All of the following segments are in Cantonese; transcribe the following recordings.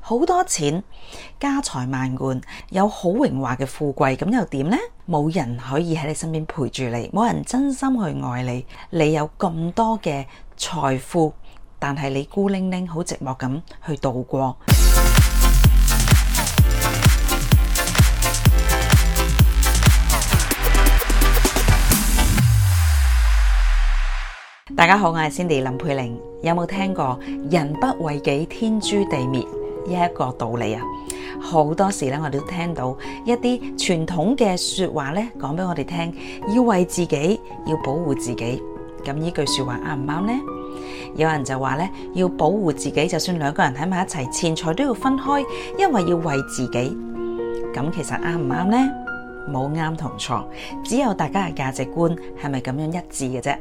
好多錢，家財萬貫，有好榮華嘅富貴，咁又點呢？冇人可以喺你身邊陪住你，冇人真心去愛你。你有咁多嘅財富，但係你孤零零、好寂寞咁去度過。大家好，我係 Cindy 林佩玲。有冇聽過人不為己，天誅地滅？呢一個道理啊，好多時咧，我哋都聽到一啲傳統嘅說話咧，講俾我哋聽，要為自己，要保護自己。咁呢句說話啱唔啱呢？有人就話咧，要保護自己，就算兩個人喺埋一齊，錢財都要分開，因為要為自己。咁其實啱唔啱呢？冇啱同錯，只有大家嘅價值觀係咪咁樣一致嘅啫。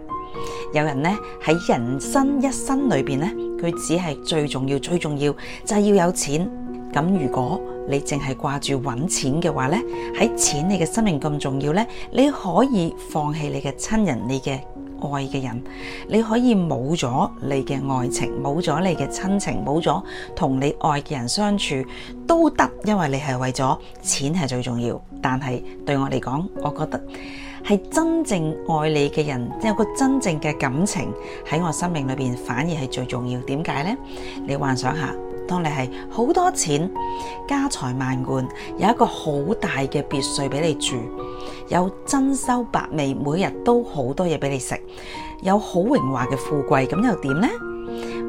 有人咧，喺人生一生裏邊咧，佢只係最，最重要，最重要就係、是、要有錢。咁如果你淨係掛住揾錢嘅話咧，喺錢你嘅生命咁重要咧，你可以放棄你嘅親人、你嘅。愛嘅人，你可以冇咗你嘅愛情，冇咗你嘅親情，冇咗同你愛嘅人相處都得，因為你係為咗錢係最重要。但係對我嚟講，我覺得係真正愛你嘅人，有個真正嘅感情喺我生命裏邊，反而係最重要。點解呢？你幻想下，當你係好多錢，家財萬貫，有一個好大嘅別墅俾你住。有珍饈百味，每日都好多嘢俾你食；有好榮華嘅富貴，咁又點呢？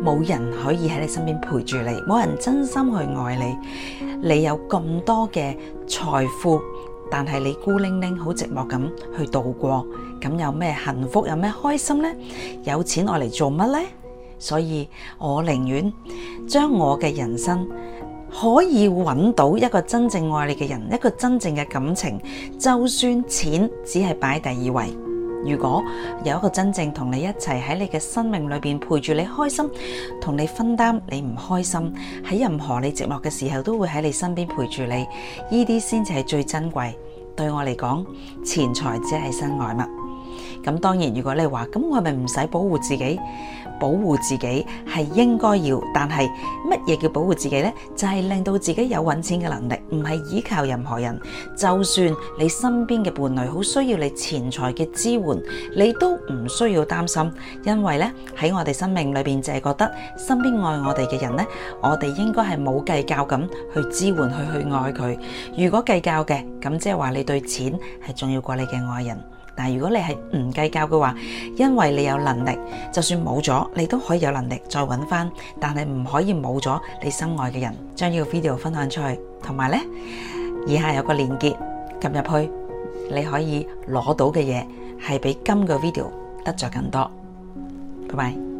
冇人可以喺你身邊陪住你，冇人真心去愛你。你有咁多嘅財富，但係你孤零零、好寂寞咁去度過，咁有咩幸福？有咩開心呢？有錢愛嚟做乜呢？所以我寧願將我嘅人生。可以揾到一個真正愛你嘅人，一個真正嘅感情，就算錢只係擺第二位。如果有一個真正同你一齊喺你嘅生命裏面，陪住你開心，同你分擔你唔開心，喺任何你寂寞嘅時候都會喺你身邊陪住你，呢啲先至係最珍貴。對我嚟講，錢財只係身外物。咁當然，如果你話咁，我係咪唔使保護自己？保護自己係應該要，但係乜嘢叫保護自己咧？就係令到自己有揾錢嘅能力，唔係依靠任何人。就算你身邊嘅伴侶好需要你錢財嘅支援，你都唔需要擔心，因為咧喺我哋生命裏邊，淨係覺得身邊愛我哋嘅人咧，我哋應該係冇計較咁去支援去去愛佢。如果計較嘅，咁即係話你對錢係重要過你嘅愛人。嗱，如果你係唔計較嘅話，因為你有能力，就算冇咗，你都可以有能力再搵翻，但係唔可以冇咗你心愛嘅人。將呢個 video 分享出去，同埋呢以下有個鏈接，撳入去你可以攞到嘅嘢，係比今個 video 得着更多。拜拜。